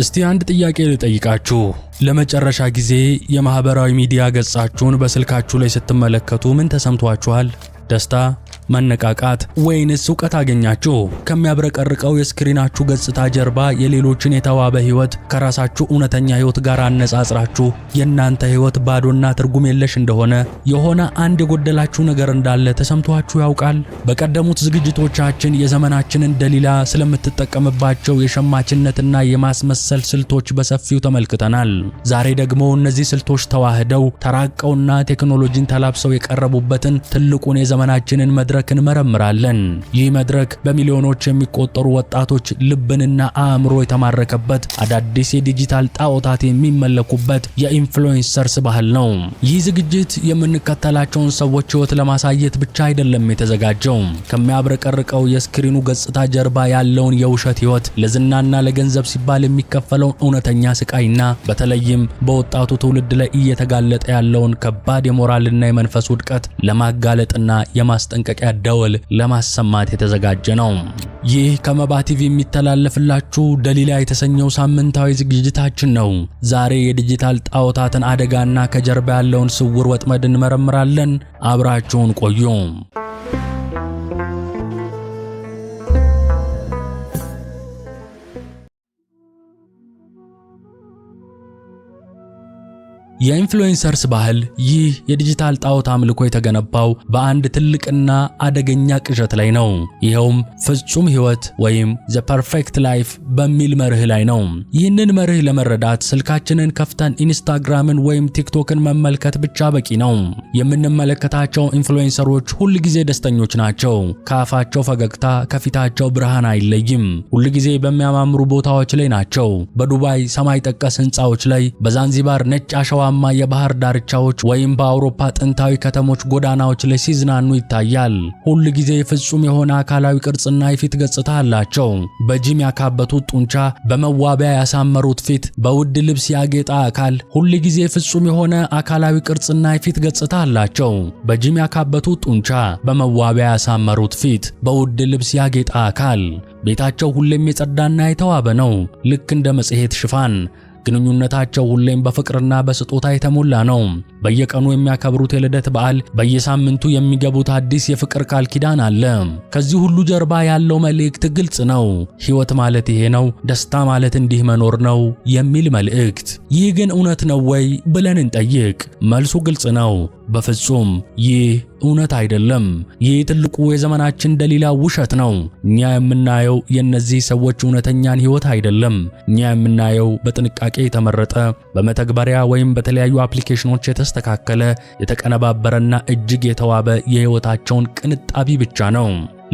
እስቲ አንድ ጥያቄ ልጠይቃችሁ። ለመጨረሻ ጊዜ የማህበራዊ ሚዲያ ገጻችሁን በስልካችሁ ላይ ስትመለከቱ ምን ተሰምቷችኋል? ደስታ፣ መነቃቃት ወይንስ እውቀት አገኛችሁ? ከሚያብረቀርቀው የስክሪናችሁ ገጽታ ጀርባ የሌሎችን የተዋበ ህይወት ከራሳችሁ እውነተኛ ህይወት ጋር አነጻጽራችሁ የእናንተ ህይወት ባዶና ትርጉም የለሽ እንደሆነ የሆነ አንድ የጎደላችሁ ነገር እንዳለ ተሰምቷችሁ ያውቃል? በቀደሙት ዝግጅቶቻችን የዘመናችንን ደሊላ ስለምትጠቀምባቸው የሸማችነትና የማስመሰል ስልቶች በሰፊው ተመልክተናል። ዛሬ ደግሞ እነዚህ ስልቶች ተዋህደው ተራቀውና ቴክኖሎጂን ተላብሰው የቀረቡበትን ትልቁን የዘመናችንን መድረክ መድረክ እንመረምራለን። ይህ መድረክ በሚሊዮኖች የሚቆጠሩ ወጣቶች ልብንና አእምሮ የተማረከበት አዳዲስ የዲጂታል ጣዖታት የሚመለኩበት የኢንፍሉዌንሰርስ ባህል ነው። ይህ ዝግጅት የምንከተላቸውን ሰዎች ሕይወት ለማሳየት ብቻ አይደለም የተዘጋጀው። ከሚያብረቀርቀው የስክሪኑ ገጽታ ጀርባ ያለውን የውሸት ሕይወት፣ ለዝናና ለገንዘብ ሲባል የሚከፈለውን እውነተኛ ስቃይና በተለይም በወጣቱ ትውልድ ላይ እየተጋለጠ ያለውን ከባድ የሞራልና የመንፈስ ውድቀት ለማጋለጥና የማስጠንቀቂያ ደወል ለማሰማት የተዘጋጀ ነው። ይህ ከመባ ቲቪ የሚተላለፍላችሁ ደሊላ የተሰኘው ሳምንታዊ ዝግጅታችን ነው። ዛሬ የዲጂታል ጣዖታትን አደጋና ከጀርባ ያለውን ስውር ወጥመድ እንመረምራለን። አብራችሁን ቆዩ። የኢንፍሉዌንሰርስ ባህል ይህ የዲጂታል ጣዖት አምልኮ የተገነባው በአንድ ትልቅና አደገኛ ቅዠት ላይ ነው። ይኸውም ፍጹም ሕይወት ወይም ዘ ፐርፌክት ላይፍ በሚል መርህ ላይ ነው። ይህንን መርህ ለመረዳት ስልካችንን ከፍተን ኢንስታግራምን ወይም ቲክቶክን መመልከት ብቻ በቂ ነው። የምንመለከታቸው ኢንፍሉዌንሰሮች ሁል ጊዜ ደስተኞች ናቸው። ከአፋቸው ፈገግታ፣ ከፊታቸው ብርሃን አይለይም። ሁል ጊዜ በሚያማምሩ ቦታዎች ላይ ናቸው። በዱባይ ሰማይ ጠቀስ ሕንፃዎች ላይ፣ በዛንዚባር ነጭ አሸዋ በገደላማ የባህር ዳርቻዎች ወይም በአውሮፓ ጥንታዊ ከተሞች ጎዳናዎች ላይ ሲዝናኑ ይታያል። ሁል ጊዜ ፍጹም የሆነ አካላዊ ቅርጽና የፊት ገጽታ አላቸው። በጂም ያካበቱት ጡንቻ፣ በመዋቢያ ያሳመሩት ፊት፣ በውድ ልብስ ያጌጠ አካል፣ ሁል ጊዜ ፍጹም የሆነ አካላዊ ቅርጽና የፊት ገጽታ አላቸው። በጂም ያካበቱት ጡንቻ፣ በመዋቢያ ያሳመሩት ፊት፣ በውድ ልብስ ያጌጠ አካል። ቤታቸው ሁሌም የጸዳና የተዋበ ነው፣ ልክ እንደ መጽሔት ሽፋን። ግንኙነታቸው ሁሌም በፍቅርና በስጦታ የተሞላ ነው። በየቀኑ የሚያከብሩት የልደት በዓል፣ በየሳምንቱ የሚገቡት አዲስ የፍቅር ቃል ኪዳን አለ። ከዚህ ሁሉ ጀርባ ያለው መልእክት ግልጽ ነው። ሕይወት ማለት ይሄ ነው፣ ደስታ ማለት እንዲህ መኖር ነው የሚል መልእክት። ይህ ግን እውነት ነው ወይ ብለን እንጠይቅ። መልሱ ግልጽ ነው። በፍጹም ይህ እውነት አይደለም። ይህ ትልቁ የዘመናችን ደሊላ ውሸት ነው። እኛ የምናየው የእነዚህ ሰዎች እውነተኛን ሕይወት አይደለም። እኛ የምናየው በጥንቃቄ የተመረጠ በመተግበሪያ ወይም በተለያዩ አፕሊኬሽኖች የተስተካከለ የተቀነባበረና እጅግ የተዋበ የሕይወታቸውን ቅንጣቢ ብቻ ነው።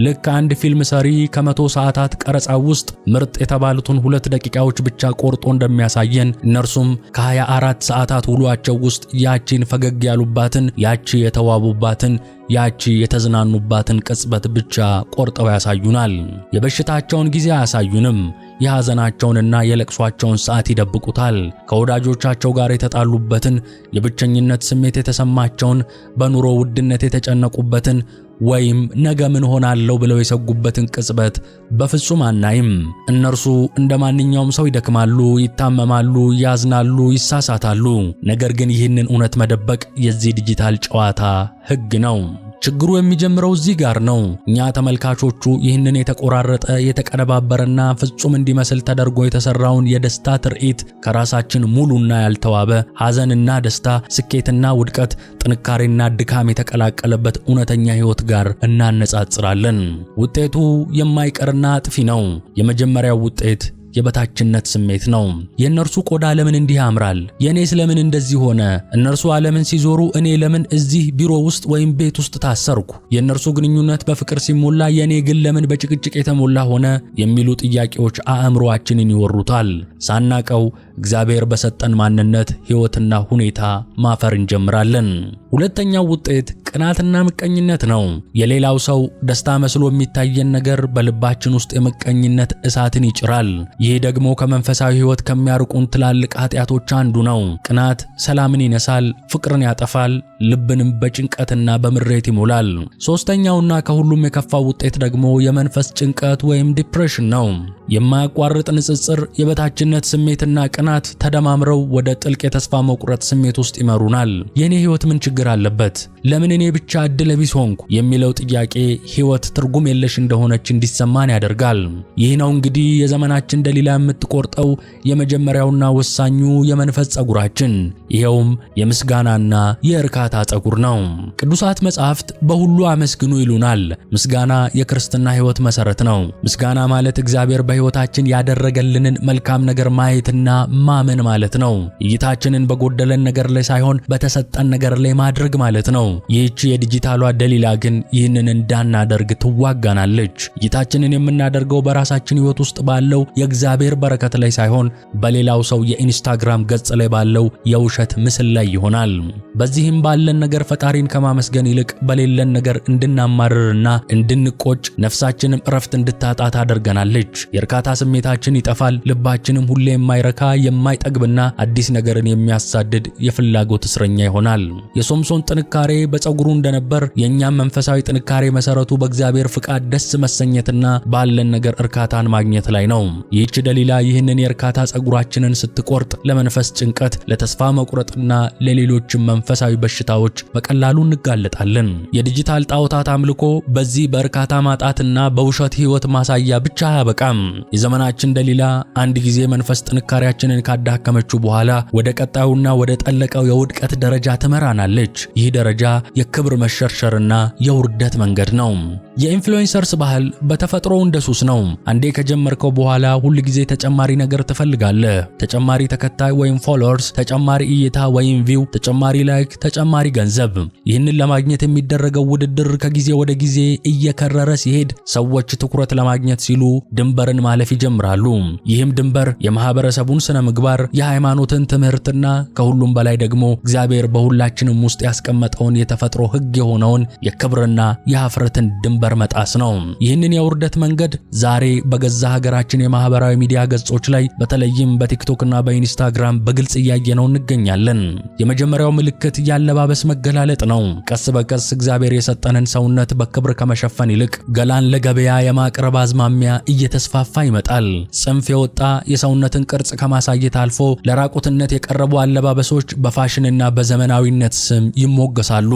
ልክ አንድ ፊልም ሰሪ ከመቶ ሰዓታት ቀረጻ ውስጥ ምርጥ የተባሉትን ሁለት ደቂቃዎች ብቻ ቆርጦ እንደሚያሳየን እነርሱም ከ24 ሰዓታት ውሏቸው ውስጥ ያቺን ፈገግ ያሉባትን ያቺ የተዋቡባትን ያቺ የተዝናኑባትን ቅጽበት ብቻ ቆርጠው ያሳዩናል። የበሽታቸውን ጊዜ አያሳዩንም። የሐዘናቸውንና የለቅሷቸውን ሰዓት ይደብቁታል። ከወዳጆቻቸው ጋር የተጣሉበትን፣ የብቸኝነት ስሜት የተሰማቸውን፣ በኑሮ ውድነት የተጨነቁበትን ወይም ነገ ምን ሆናለሁ ብለው የሰጉበትን ቅጽበት በፍጹም አናይም። እነርሱ እንደ ማንኛውም ሰው ይደክማሉ፣ ይታመማሉ፣ ያዝናሉ፣ ይሳሳታሉ። ነገር ግን ይህንን እውነት መደበቅ የዚህ ዲጂታል ጨዋታ ሕግ ነው። ችግሩ የሚጀምረው እዚህ ጋር ነው። እኛ ተመልካቾቹ ይህንን የተቆራረጠ የተቀነባበረና ፍጹም እንዲመስል ተደርጎ የተሰራውን የደስታ ትርኢት ከራሳችን ሙሉና ያልተዋበ ሐዘንና ደስታ፣ ስኬትና ውድቀት፣ ጥንካሬና ድካም የተቀላቀለበት እውነተኛ ሕይወት ጋር እናነጻጽራለን። ውጤቱ የማይቀርና አጥፊ ነው። የመጀመሪያው ውጤት የበታችነት ስሜት ነው። የእነርሱ ቆዳ ለምን እንዲህ ያምራል? የእኔስ ለምን እንደዚህ ሆነ? እነርሱ ዓለምን ሲዞሩ እኔ ለምን እዚህ ቢሮ ውስጥ ወይም ቤት ውስጥ ታሰርኩ? የእነርሱ ግንኙነት በፍቅር ሲሞላ የእኔ ግን ለምን በጭቅጭቅ የተሞላ ሆነ? የሚሉ ጥያቄዎች አእምሮአችንን ይወሩታል። ሳናቀው እግዚአብሔር በሰጠን ማንነት ሕይወትና ሁኔታ ማፈር እንጀምራለን። ሁለተኛው ውጤት ቅናትና ምቀኝነት ነው። የሌላው ሰው ደስታ መስሎ የሚታየን ነገር በልባችን ውስጥ የምቀኝነት እሳትን ይጭራል። ይህ ደግሞ ከመንፈሳዊ ሕይወት ከሚያርቁን ትላልቅ ኃጢአቶች አንዱ ነው። ቅናት ሰላምን ይነሳል፣ ፍቅርን ያጠፋል፣ ልብንም በጭንቀትና በምሬት ይሞላል። ሶስተኛውና ከሁሉም የከፋው ውጤት ደግሞ የመንፈስ ጭንቀት ወይም ዲፕሬሽን ነው። የማያቋርጥ ንጽጽር፣ የበታችነት ስሜትና ቅናት ተደማምረው ወደ ጥልቅ የተስፋ መቁረጥ ስሜት ውስጥ ይመሩናል። የእኔ ሕይወት ምን ችግር አለበት? ለምን እኔ ብቻ ዕድለ ቢስ ሆንኩ? የሚለው ጥያቄ ሕይወት ትርጉም የለሽ እንደሆነች እንዲሰማን ያደርጋል። ይህ ነው እንግዲህ የዘመናችን እንደ የምትቆርጠው የመጀመሪያውና ወሳኙ የመንፈስ ጸጉራችን ይኸውም የምስጋናና የእርካታ ጸጉር ነው። ቅዱሳት መጻሕፍት በሁሉ አመስግኑ ይሉናል። ምስጋና የክርስትና ሕይወት መሰረት ነው። ምስጋና ማለት እግዚአብሔር በሕይወታችን ያደረገልንን መልካም ነገር ማየትና ማመን ማለት ነው። እይታችንን በጎደለን ነገር ላይ ሳይሆን በተሰጠን ነገር ላይ ማድረግ ማለት ነው። ይህች የዲጂታሏ ደሊላ ግን ይህንን እንዳናደርግ ትዋጋናለች። እይታችንን የምናደርገው በራሳችን ሕይወት ውስጥ ባለው በእግዚአብሔር በረከት ላይ ሳይሆን በሌላው ሰው የኢንስታግራም ገጽ ላይ ባለው የውሸት ምስል ላይ ይሆናል። በዚህም ባለን ነገር ፈጣሪን ከማመስገን ይልቅ በሌለን ነገር እንድናማርርና እንድንቆጭ ነፍሳችንም እረፍት እንድታጣ ታደርገናለች። የእርካታ ስሜታችን ይጠፋል። ልባችንም ሁሌ የማይረካ የማይጠግብና አዲስ ነገርን የሚያሳድድ የፍላጎት እስረኛ ይሆናል። የሶምሶን ጥንካሬ በፀጉሩ እንደነበር የእኛም መንፈሳዊ ጥንካሬ መሰረቱ በእግዚአብሔር ፍቃድ ደስ መሰኘትና ባለን ነገር እርካታን ማግኘት ላይ ነው። ይህች ደሊላ ይህንን የእርካታ ጸጉራችንን ስትቆርጥ ለመንፈስ ጭንቀት፣ ለተስፋ መቁረጥና ለሌሎችም መንፈሳዊ በሽታዎች በቀላሉ እንጋለጣለን። የዲጂታል ጣዖታት አምልኮ በዚህ በእርካታ ማጣትና በውሸት ህይወት ማሳያ ብቻ አያበቃም። የዘመናችን ደሊላ አንድ ጊዜ መንፈስ ጥንካሬያችንን ካዳከመችው በኋላ ወደ ቀጣዩና ወደ ጠለቀው የውድቀት ደረጃ ትመራናለች። ይህ ደረጃ የክብር መሸርሸርና የውርደት መንገድ ነው። የኢንፍሉዌንሰርስ ባህል በተፈጥሮ እንደ ሱስ ነው። አንዴ ከጀመርከው በኋላ ሁ ጊዜ ተጨማሪ ነገር ትፈልጋለህ። ተጨማሪ ተከታይ ወይም ፎሎወርስ፣ ተጨማሪ እይታ ወይም ቪው፣ ተጨማሪ ላይክ፣ ተጨማሪ ገንዘብ። ይህንን ለማግኘት የሚደረገው ውድድር ከጊዜ ወደ ጊዜ እየከረረ ሲሄድ ሰዎች ትኩረት ለማግኘት ሲሉ ድንበርን ማለፍ ይጀምራሉ። ይህም ድንበር የማህበረሰቡን ስነ ምግባር፣ የሃይማኖትን ትምህርትና ከሁሉም በላይ ደግሞ እግዚአብሔር በሁላችንም ውስጥ ያስቀመጠውን የተፈጥሮ ሕግ የሆነውን የክብርና የሀፍረትን ድንበር መጣስ ነው። ይህንን የውርደት መንገድ ዛሬ በገዛ ሀገራችን የማህበረ ማህበራዊ ሚዲያ ገጾች ላይ በተለይም በቲክቶክ እና በኢንስታግራም በግልጽ እያየነው እንገኛለን። የመጀመሪያው ምልክት ያለባበስ መገላለጥ ነው። ቀስ በቀስ እግዚአብሔር የሰጠንን ሰውነት በክብር ከመሸፈን ይልቅ ገላን ለገበያ የማቅረብ አዝማሚያ እየተስፋፋ ይመጣል። ጽንፍ የወጣ የሰውነትን ቅርጽ ከማሳየት አልፎ ለራቁትነት የቀረቡ አለባበሶች በፋሽንና በዘመናዊነት ስም ይሞገሳሉ።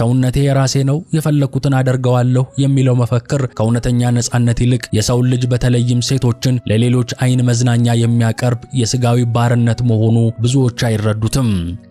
ሰውነቴ የራሴ ነው፣ የፈለኩትን አደርገዋለሁ የሚለው መፈክር ከእውነተኛ ነጻነት ይልቅ የሰውን ልጅ በተለይም ሴቶችን ለሌሎ ለሌሎች አይን መዝናኛ የሚያቀርብ የስጋዊ ባርነት መሆኑ ብዙዎች አይረዱትም።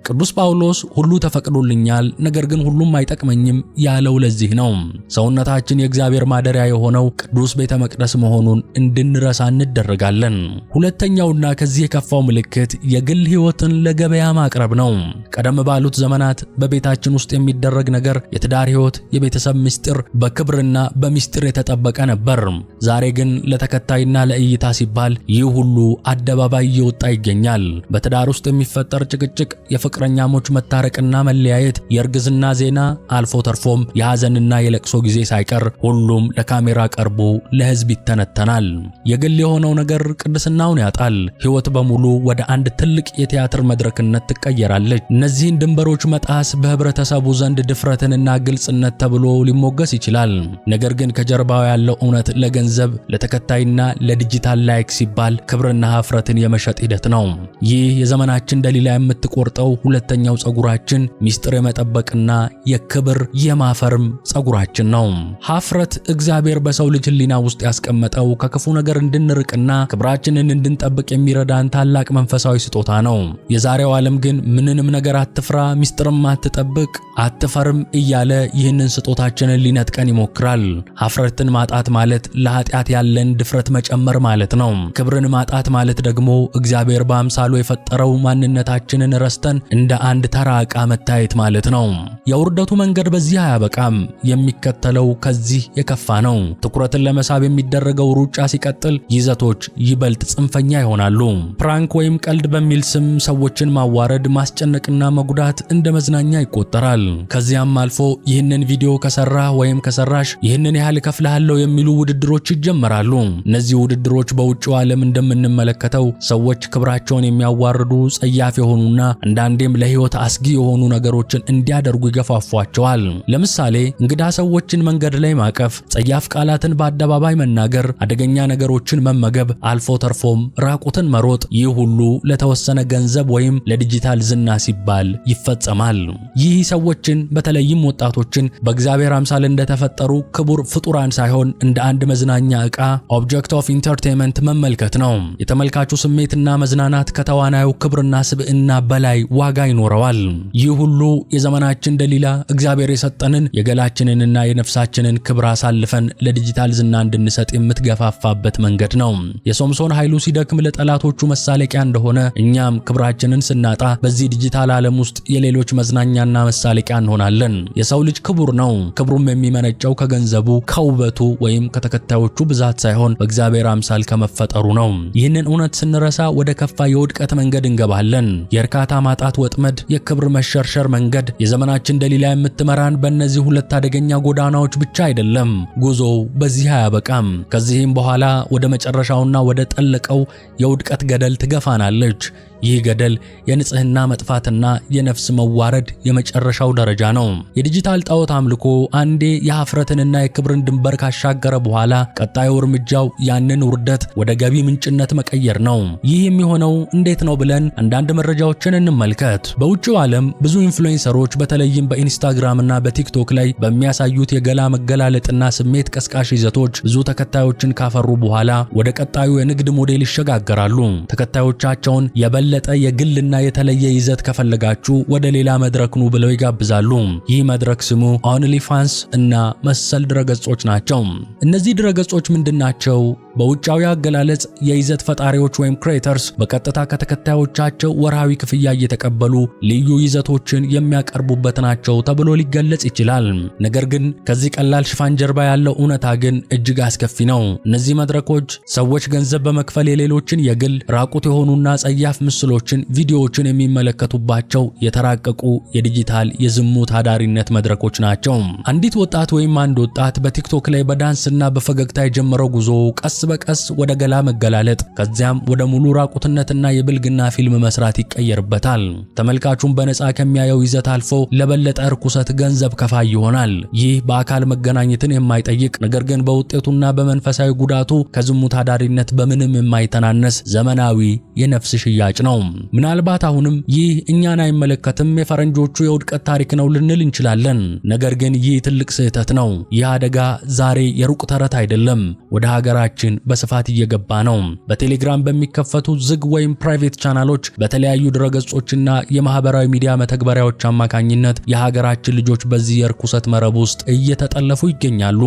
ቅዱስ ጳውሎስ ሁሉ ተፈቅዶልኛል፣ ነገር ግን ሁሉም አይጠቅመኝም ያለው ለዚህ ነው። ሰውነታችን የእግዚአብሔር ማደሪያ የሆነው ቅዱስ ቤተ መቅደስ መሆኑን እንድንረሳ እንደረጋለን። ሁለተኛውና ከዚህ የከፋው ምልክት የግል ሕይወትን ለገበያ ማቅረብ ነው። ቀደም ባሉት ዘመናት በቤታችን ውስጥ የሚደረግ ነገር የትዳር ሕይወት፣ የቤተሰብ ምስጢር በክብርና በምስጢር የተጠበቀ ነበር። ዛሬ ግን ለተከታይና ለእይታ ሲባል ሲባል ይህ ሁሉ አደባባይ እየወጣ ይገኛል። በትዳር ውስጥ የሚፈጠር ጭቅጭቅ፣ የፍቅረኛሞች መታረቅና መለያየት፣ የእርግዝና ዜና፣ አልፎ ተርፎም የሐዘንና የለቅሶ ጊዜ ሳይቀር ሁሉም ለካሜራ ቀርቦ ለሕዝብ ይተነተናል። የግል የሆነው ነገር ቅድስናውን ያጣል። ሕይወት በሙሉ ወደ አንድ ትልቅ የቲያትር መድረክነት ትቀየራለች። እነዚህን ድንበሮች መጣስ በህብረተሰቡ ዘንድ ድፍረትንና ግልጽነት ተብሎ ሊሞገስ ይችላል። ነገር ግን ከጀርባው ያለው እውነት ለገንዘብ ለተከታይና ለዲጂታል ላይክ ሲባል ክብርና ሀፍረትን የመሸጥ ሂደት ነው። ይህ የዘመናችን ደሊላ የምትቆርጠው ሁለተኛው ጸጉራችን ሚስጥር የመጠበቅና የክብር የማፈርም ጸጉራችን ነው። ሀፍረት እግዚአብሔር በሰው ልጅ ሕሊና ውስጥ ያስቀመጠው ከክፉ ነገር እንድንርቅና ክብራችንን እንድንጠብቅ የሚረዳን ታላቅ መንፈሳዊ ስጦታ ነው። የዛሬው ዓለም ግን ምንንም ነገር አትፍራ፣ ሚስጥርም አትጠብቅ፣ አትፈርም እያለ ይህንን ስጦታችንን ሊነጥቀን ይሞክራል። ሀፍረትን ማጣት ማለት ለኃጢአት ያለን ድፍረት መጨመር ማለት ነው። ነው። ክብርን ማጣት ማለት ደግሞ እግዚአብሔር በአምሳሉ የፈጠረው ማንነታችንን ረስተን እንደ አንድ ተራ ዕቃ መታየት ማለት ነው። የውርደቱ መንገድ በዚህ አያበቃም። የሚከተለው ከዚህ የከፋ ነው። ትኩረትን ለመሳብ የሚደረገው ሩጫ ሲቀጥል፣ ይዘቶች ይበልጥ ጽንፈኛ ይሆናሉ። ፕራንክ ወይም ቀልድ በሚል ስም ሰዎችን ማዋረድ፣ ማስጨነቅና መጉዳት እንደ መዝናኛ ይቆጠራል። ከዚያም አልፎ ይህንን ቪዲዮ ከሰራ ወይም ከሰራሽ ይህንን ያህል እከፍልሃለሁ የሚሉ ውድድሮች ይጀመራሉ። እነዚህ ውድድሮች በው በውጭው ዓለም እንደምንመለከተው ሰዎች ክብራቸውን የሚያዋርዱ ጸያፍ የሆኑና አንዳንዴም ለሕይወት አስጊ የሆኑ ነገሮችን እንዲያደርጉ ይገፋፏቸዋል። ለምሳሌ እንግዳ ሰዎችን መንገድ ላይ ማቀፍ፣ ጸያፍ ቃላትን በአደባባይ መናገር፣ አደገኛ ነገሮችን መመገብ፣ አልፎ ተርፎም ራቁትን መሮጥ። ይህ ሁሉ ለተወሰነ ገንዘብ ወይም ለዲጂታል ዝና ሲባል ይፈጸማል። ይህ ሰዎችን በተለይም ወጣቶችን በእግዚአብሔር አምሳል እንደተፈጠሩ ክቡር ፍጡራን ሳይሆን እንደ አንድ መዝናኛ ዕቃ ኦብጀክት ኦፍ ኢንተርቴንመንት መመልከት ነው። የተመልካቹ ስሜትና መዝናናት ከተዋናዩ ክብርና ስብዕና በላይ ዋጋ ይኖረዋል። ይህ ሁሉ የዘመናችን ደሊላ እግዚአብሔር የሰጠንን የገላችንንና የነፍሳችንን ክብር አሳልፈን ለዲጂታል ዝና እንድንሰጥ የምትገፋፋበት መንገድ ነው። የሶምሶን ኃይሉ ሲደክም ለጠላቶቹ መሳለቂያ እንደሆነ እኛም ክብራችንን ስናጣ በዚህ ዲጂታል ዓለም ውስጥ የሌሎች መዝናኛና መሳለቂያ እንሆናለን። የሰው ልጅ ክቡር ነው። ክብሩም የሚመነጨው ከገንዘቡ፣ ከውበቱ ወይም ከተከታዮቹ ብዛት ሳይሆን በእግዚአብሔር አምሳል ከመፈ መፈጠሩ ነው። ይህንን እውነት ስንረሳ ወደ ከፋ የውድቀት መንገድ እንገባለን። የእርካታ ማጣት ወጥመድ፣ የክብር መሸርሸር መንገድ የዘመናችን ደሊላ የምትመራን በእነዚህ ሁለት አደገኛ ጎዳናዎች ብቻ አይደለም። ጉዞው በዚህ አያበቃም። ከዚህም በኋላ ወደ መጨረሻውና ወደ ጠለቀው የውድቀት ገደል ትገፋናለች። ይህ ገደል የንጽህና መጥፋትና የነፍስ መዋረድ የመጨረሻው ደረጃ ነው። የዲጂታል ጣዖት አምልኮ አንዴ የሀፍረትንና የክብርን ድንበር ካሻገረ በኋላ ቀጣዩ እርምጃው ያንን ውርደት ወደ ገቢ ምንጭነት መቀየር ነው። ይህ የሚሆነው እንዴት ነው ብለን አንዳንድ መረጃዎችን እንመልከት። በውጭው ዓለም ብዙ ኢንፍሉዌንሰሮች በተለይም በኢንስታግራም እና በቲክቶክ ላይ በሚያሳዩት የገላ መገላለጥና ስሜት ቀስቃሽ ይዘቶች ብዙ ተከታዮችን ካፈሩ በኋላ ወደ ቀጣዩ የንግድ ሞዴል ይሸጋገራሉ። ተከታዮቻቸውን የበለጠ የግልና የተለየ ይዘት ከፈለጋችሁ ወደ ሌላ መድረክ ኑ ብለው ይጋብዛሉ። ይህ መድረክ ስሙ ኦንሊ ፋንስ እና መሰል ድረገጾች ናቸው። እነዚህ ድረገጾች ምንድናቸው? በውጫዊ አገላለጽ የይዘት ፈጣሪዎች ወይም ክሬተርስ በቀጥታ ከተከታዮቻቸው ወርሃዊ ክፍያ እየተቀበሉ ልዩ ይዘቶችን የሚያቀርቡበት ናቸው ተብሎ ሊገለጽ ይችላል። ነገር ግን ከዚህ ቀላል ሽፋን ጀርባ ያለው እውነታ ግን እጅግ አስከፊ ነው። እነዚህ መድረኮች ሰዎች ገንዘብ በመክፈል የሌሎችን የግል ራቁት የሆኑና ጸያፍ ምስሎችን፣ ቪዲዮዎችን የሚመለከቱባቸው የተራቀቁ የዲጂታል የዝሙት አዳሪነት መድረኮች ናቸው። አንዲት ወጣት ወይም አንድ ወጣት በቲክቶክ ላይ በዳንስና በፈገግታ የጀመረው ጉዞ ቀስ በቀስ ወደ ገላ መገላለጥ ከዚያም ወደ ሙሉ ራቁትነትና የብልግና ፊልም መስራት ይቀየርበታል። ተመልካቹን በነፃ ከሚያየው ይዘት አልፎ ለበለጠ እርኩሰት ገንዘብ ከፋይ ይሆናል። ይህ በአካል መገናኘትን የማይጠይቅ ነገር ግን በውጤቱና በመንፈሳዊ ጉዳቱ ከዝሙት አዳሪነት በምንም የማይተናነስ ዘመናዊ የነፍስ ሽያጭ ነው። ምናልባት አሁንም ይህ እኛን አይመለከትም፣ የፈረንጆቹ የውድቀት ታሪክ ነው ልንል እንችላለን። ነገር ግን ይህ ትልቅ ስህተት ነው። ይህ አደጋ ዛሬ የሩቅ ተረት አይደለም፣ ወደ ሀገራችን ግን በስፋት እየገባ ነው። በቴሌግራም በሚከፈቱ ዝግ ወይም ፕራይቬት ቻናሎች፣ በተለያዩ ድረገጾችና የማህበራዊ ሚዲያ መተግበሪያዎች አማካኝነት የሀገራችን ልጆች በዚህ የርኩሰት መረብ ውስጥ እየተጠለፉ ይገኛሉ።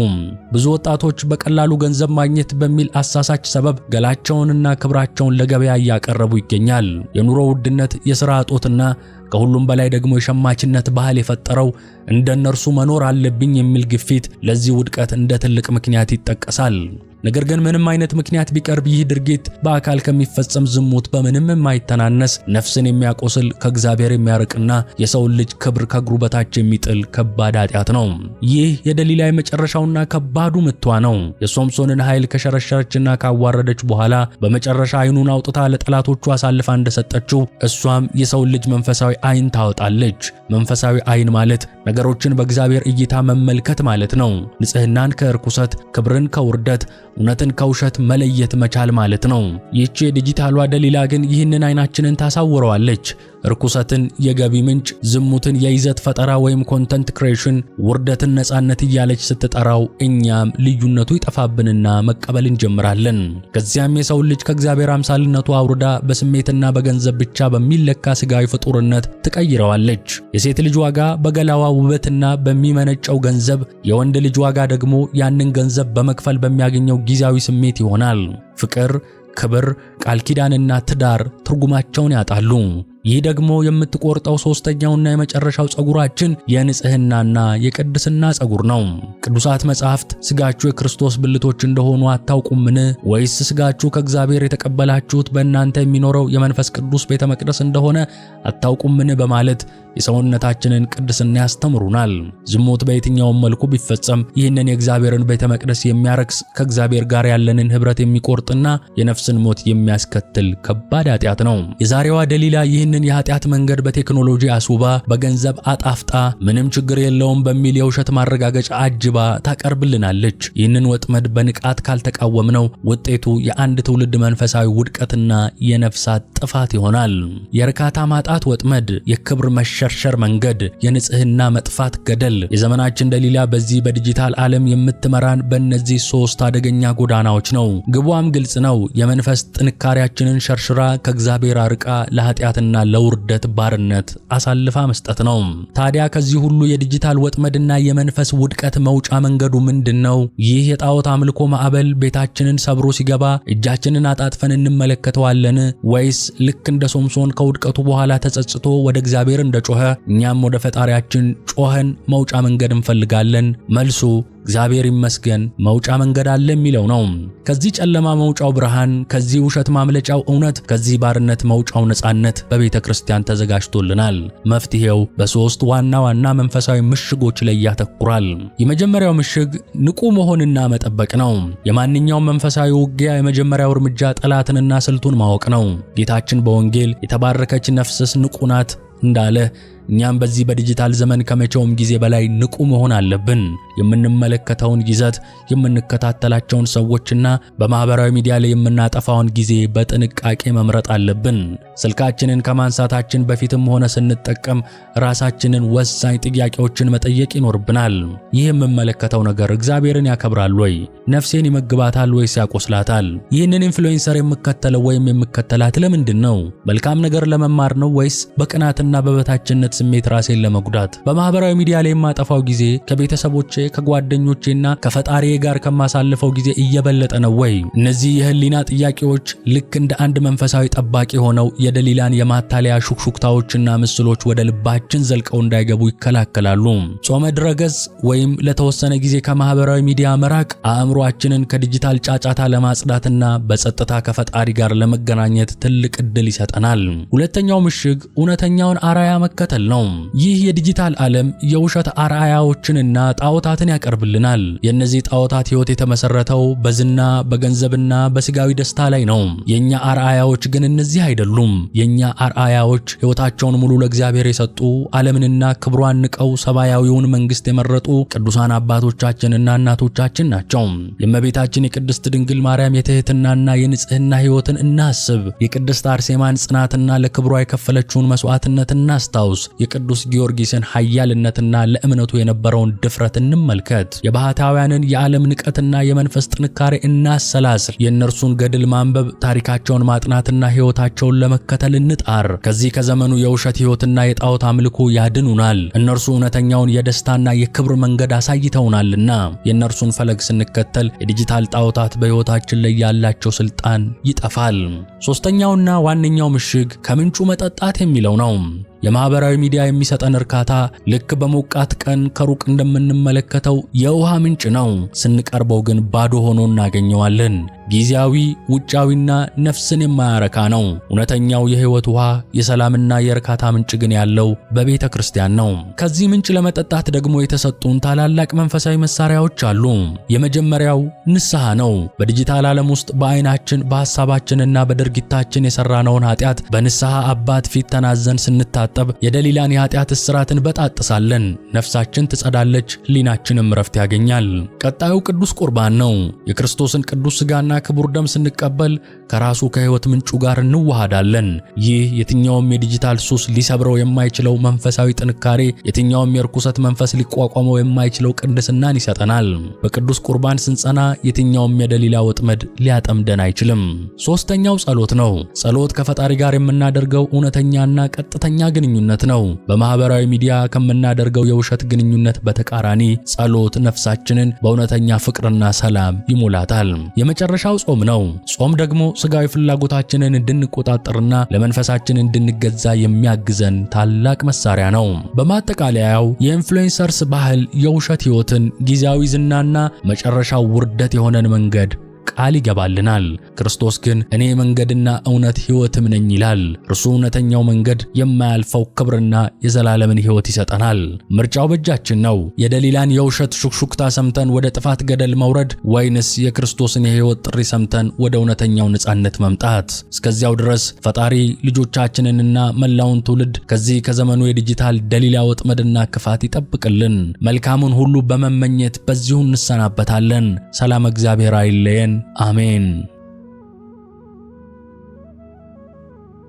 ብዙ ወጣቶች በቀላሉ ገንዘብ ማግኘት በሚል አሳሳች ሰበብ ገላቸውንና ክብራቸውን ለገበያ እያቀረቡ ይገኛል። የኑሮ ውድነት፣ የሥራ እጦትና ከሁሉም በላይ ደግሞ የሸማችነት ባህል የፈጠረው እንደነርሱ መኖር አለብኝ የሚል ግፊት ለዚህ ውድቀት እንደ ትልቅ ምክንያት ይጠቀሳል። ነገር ግን ምንም አይነት ምክንያት ቢቀርብ ይህ ድርጊት በአካል ከሚፈጸም ዝሙት በምንም የማይተናነስ ነፍስን የሚያቆስል ከእግዚአብሔር የሚያርቅና የሰውን ልጅ ክብር ከእግሩ በታች የሚጥል ከባድ ኃጢአት ነው። ይህ የደሊላ የመጨረሻውና ከባዱ ምቷ ነው። የሶምሶንን ኃይል ከሸረሸረችና ካዋረደች በኋላ በመጨረሻ አይኑን አውጥታ ለጠላቶቹ አሳልፋ እንደሰጠችው እሷም የሰውን ልጅ መንፈሳዊ አይን ታወጣለች። መንፈሳዊ አይን ማለት ነገሮችን በእግዚአብሔር እይታ መመልከት ማለት ነው። ንጽህናን ከርኩሰት፣ ክብርን ከውርደት እውነትን ከውሸት መለየት መቻል ማለት ነው። ይህች የዲጂታሏ ደሊላ ግን ይህንን አይናችንን ታሳውረዋለች። ርኩሰትን የገቢ ምንጭ፣ ዝሙትን የይዘት ፈጠራ ወይም ኮንተንት ክሬሽን፣ ውርደትን ነፃነት እያለች ስትጠራው እኛም ልዩነቱ ይጠፋብንና መቀበል እንጀምራለን። ከዚያም የሰው ልጅ ከእግዚአብሔር አምሳልነቱ አውርዳ በስሜትና በገንዘብ ብቻ በሚለካ ስጋዊ ፍጡርነት ትቀይረዋለች። የሴት ልጅ ዋጋ በገላዋ ውበትና በሚመነጨው ገንዘብ፣ የወንድ ልጅ ዋጋ ደግሞ ያንን ገንዘብ በመክፈል በሚያገኘው ጊዜያዊ ስሜት ይሆናል። ፍቅር፣ ክብር፣ ቃል ኪዳንና ትዳር ትርጉማቸውን ያጣሉ። ይህ ደግሞ የምትቆርጠው ሶስተኛውና የመጨረሻው ጸጉራችን የንጽህናና የቅድስና ጸጉር ነው። ቅዱሳት መጻሕፍት ስጋችሁ የክርስቶስ ብልቶች እንደሆኑ አታውቁምን? ወይስ ስጋችሁ ከእግዚአብሔር የተቀበላችሁት በእናንተ የሚኖረው የመንፈስ ቅዱስ ቤተ መቅደስ እንደሆነ አታውቁምን? በማለት የሰውነታችንን ቅድስና ያስተምሩናል። ዝሙት በየትኛውም መልኩ ቢፈጸም ይህንን የእግዚአብሔርን ቤተ መቅደስ የሚያረክስ ከእግዚአብሔር ጋር ያለንን ኅብረት የሚቆርጥና የነፍስን ሞት የሚያስከትል ከባድ ኃጢአት ነው። የዛሬዋ ደሊላ ይህን ይህንን የኃጢአት መንገድ በቴክኖሎጂ አስውባ በገንዘብ አጣፍጣ ምንም ችግር የለውም በሚል የውሸት ማረጋገጫ አጅባ ታቀርብልናለች። ይህንን ወጥመድ በንቃት ካልተቃወምነው ውጤቱ የአንድ ትውልድ መንፈሳዊ ውድቀትና የነፍሳት ጥፋት ይሆናል። የእርካታ ማጣት ወጥመድ፣ የክብር መሸርሸር መንገድ፣ የንጽህና መጥፋት ገደል። የዘመናችን ደሊላ በዚህ በዲጂታል ዓለም የምትመራን በእነዚህ ሶስት አደገኛ ጎዳናዎች ነው። ግቧም ግልጽ ነው። የመንፈስ ጥንካሬያችንን ሸርሽራ ከእግዚአብሔር አርቃ ለኃጢአትና ለውርደት ባርነት አሳልፋ መስጠት ነው። ታዲያ ከዚህ ሁሉ የዲጂታል ወጥመድና የመንፈስ ውድቀት መውጫ መንገዱ ምንድን ነው? ይህ የጣዖት አምልኮ ማዕበል ቤታችንን ሰብሮ ሲገባ እጃችንን አጣጥፈን እንመለከተዋለን ወይስ ልክ እንደ ሶምሶን ከውድቀቱ በኋላ ተጸጽቶ ወደ እግዚአብሔር እንደጮኸ እኛም ወደ ፈጣሪያችን ጮኸን መውጫ መንገድ እንፈልጋለን? መልሱ እግዚአብሔር ይመስገን መውጫ መንገድ አለ የሚለው ነው። ከዚህ ጨለማ መውጫው ብርሃን፣ ከዚህ ውሸት ማምለጫው እውነት፣ ከዚህ ባርነት መውጫው ነጻነት በቤተ ክርስቲያን ተዘጋጅቶልናል። መፍትሄው በሶስት ዋና ዋና መንፈሳዊ ምሽጎች ላይ ያተኩራል። የመጀመሪያው ምሽግ ንቁ መሆንና መጠበቅ ነው። የማንኛውም መንፈሳዊ ውጊያ የመጀመሪያው እርምጃ ጠላትንና ስልቱን ማወቅ ነው። ጌታችን በወንጌል የተባረከች ነፍስስ ንቁ ናት እንዳለ እኛም በዚህ በዲጂታል ዘመን ከመቼውም ጊዜ በላይ ንቁ መሆን አለብን። የምንመለከተውን ይዘት፣ የምንከታተላቸውን ሰዎችና በማህበራዊ ሚዲያ ላይ የምናጠፋውን ጊዜ በጥንቃቄ መምረጥ አለብን። ስልካችንን ከማንሳታችን በፊትም ሆነ ስንጠቀም ራሳችንን ወሳኝ ጥያቄዎችን መጠየቅ ይኖርብናል። ይህ የምመለከተው ነገር እግዚአብሔርን ያከብራል ወይ? ነፍሴን ይመግባታል ወይስ ያቆስላታል? ይህንን ኢንፍሉዌንሰር የምከተለው ወይም የምከተላት ለምንድን ነው? መልካም ነገር ለመማር ነው ወይስ በቅናትና በበታችነት ስሜት ራሴን ለመጉዳት በማህበራዊ ሚዲያ ላይ የማጠፋው ጊዜ ከቤተሰቦቼ ከጓደኞቼና ከፈጣሪዬ ጋር ከማሳልፈው ጊዜ እየበለጠ ነው ወይ? እነዚህ የህሊና ጥያቄዎች ልክ እንደ አንድ መንፈሳዊ ጠባቂ ሆነው የደሊላን የማታለያ ሹክሹክታዎችና ምስሎች ወደ ልባችን ዘልቀው እንዳይገቡ ይከላከላሉ። ጾመ ድረገጽ ወይም ለተወሰነ ጊዜ ከማህበራዊ ሚዲያ መራቅ አእምሯችንን ከዲጂታል ጫጫታ ለማጽዳትና በጸጥታ ከፈጣሪ ጋር ለመገናኘት ትልቅ እድል ይሰጠናል። ሁለተኛው ምሽግ እውነተኛውን አራያ መከተል ነው። ይህ የዲጂታል ዓለም የውሸት አርአያዎችንና ጣዖታትን ያቀርብልናል። የእነዚህ ጣዖታት ሕይወት የተመሰረተው በዝና በገንዘብና በስጋዊ ደስታ ላይ ነው። የእኛ አርአያዎች ግን እነዚህ አይደሉም። የእኛ አርአያዎች ሕይወታቸውን ሙሉ ለእግዚአብሔር የሰጡ ዓለምንና ክብሯን ንቀው ሰማያዊውን መንግሥት የመረጡ ቅዱሳን አባቶቻችንና እናቶቻችን ናቸው። የእመቤታችን የቅድስት ድንግል ማርያም የትህትናና የንጽህና ሕይወትን እናስብ። የቅድስት አርሴማን ጽናትና ለክብሯ የከፈለችውን መሥዋዕትነት እናስታውስ። የቅዱስ ጊዮርጊስን ኃያልነትና ለእምነቱ የነበረውን ድፍረት እንመልከት። የባህታውያንን የዓለም ንቀትና የመንፈስ ጥንካሬ እናሰላስል። የእነርሱን ገድል ማንበብ፣ ታሪካቸውን ማጥናትና ሕይወታቸውን ለመከተል እንጣር። ከዚህ ከዘመኑ የውሸት ሕይወትና የጣዖት አምልኮ ያድኑናል። እነርሱ እውነተኛውን የደስታና የክብር መንገድ አሳይተውናልና የእነርሱን ፈለግ ስንከተል የዲጂታል ጣዖታት በሕይወታችን ላይ ያላቸው ስልጣን ይጠፋል። ሶስተኛውና ዋነኛው ምሽግ ከምንጩ መጠጣት የሚለው ነው። ለማህበራዊ ሚዲያ የሚሰጠን እርካታ ልክ በሞቃት ቀን ከሩቅ እንደምንመለከተው የውሃ ምንጭ ነው። ስንቀርበው ግን ባዶ ሆኖ እናገኘዋለን። ጊዜያዊ፣ ውጫዊና ነፍስን የማያረካ ነው። እውነተኛው የህይወት ውሃ የሰላምና የእርካታ ምንጭ ግን ያለው በቤተ ክርስቲያን ነው። ከዚህ ምንጭ ለመጠጣት ደግሞ የተሰጡን ታላላቅ መንፈሳዊ መሳሪያዎች አሉ። የመጀመሪያው ንስሐ ነው። በዲጂታል ዓለም ውስጥ በአይናችን በሐሳባችንና በድርጊታችን የሰራነውን ኃጢአት በንስሐ አባት ፊት ተናዘን ስንታ በመታጠብ የደሊላን የኃጢአት እስራት በጣጥሳለን። ነፍሳችን ትጸዳለች፣ ሊናችንም ረፍት ያገኛል። ቀጣዩ ቅዱስ ቁርባን ነው። የክርስቶስን ቅዱስ ሥጋና ክቡር ደም ስንቀበል ከራሱ ከሕይወት ምንጩ ጋር እንዋሃዳለን። ይህ የትኛውም የዲጂታል ሱስ ሊሰብረው የማይችለው መንፈሳዊ ጥንካሬ፣ የትኛውም የርኩሰት መንፈስ ሊቋቋመው የማይችለው ቅድስናን ይሰጠናል። በቅዱስ ቁርባን ስንጸና የትኛውም የደሊላ ወጥመድ ሊያጠምደን አይችልም። ሦስተኛው ጸሎት ነው። ጸሎት ከፈጣሪ ጋር የምናደርገው እውነተኛና ቀጥተኛ ግንኙነት ነው። በማህበራዊ ሚዲያ ከምናደርገው የውሸት ግንኙነት በተቃራኒ ጸሎት ነፍሳችንን በእውነተኛ ፍቅርና ሰላም ይሞላታል። የመጨረሻው ጾም ነው። ጾም ደግሞ ስጋዊ ፍላጎታችንን እንድንቆጣጠርና ለመንፈሳችን እንድንገዛ የሚያግዘን ታላቅ መሳሪያ ነው። በማጠቃለያው የኢንፍሉዌንሰርስ ባህል የውሸት ሕይወትን፣ ጊዜያዊ ዝናና መጨረሻው ውርደት የሆነን መንገድ ቃል ይገባልናል። ክርስቶስ ግን እኔ መንገድና እውነት ሕይወትም ነኝ ይላል። እርሱ እውነተኛው መንገድ፣ የማያልፈው ክብርና የዘላለምን ሕይወት ይሰጠናል። ምርጫው በእጃችን ነው። የደሊላን የውሸት ሹክሹክታ ሰምተን ወደ ጥፋት ገደል መውረድ ወይንስ የክርስቶስን የሕይወት ጥሪ ሰምተን ወደ እውነተኛው ነጻነት መምጣት? እስከዚያው ድረስ ፈጣሪ ልጆቻችንንና መላውን ትውልድ ከዚህ ከዘመኑ የዲጂታል ደሊላ ወጥመድና ክፋት ይጠብቅልን። መልካሙን ሁሉ በመመኘት በዚሁ እንሰናበታለን። ሰላም፣ እግዚአብሔር አይለየን። আমেন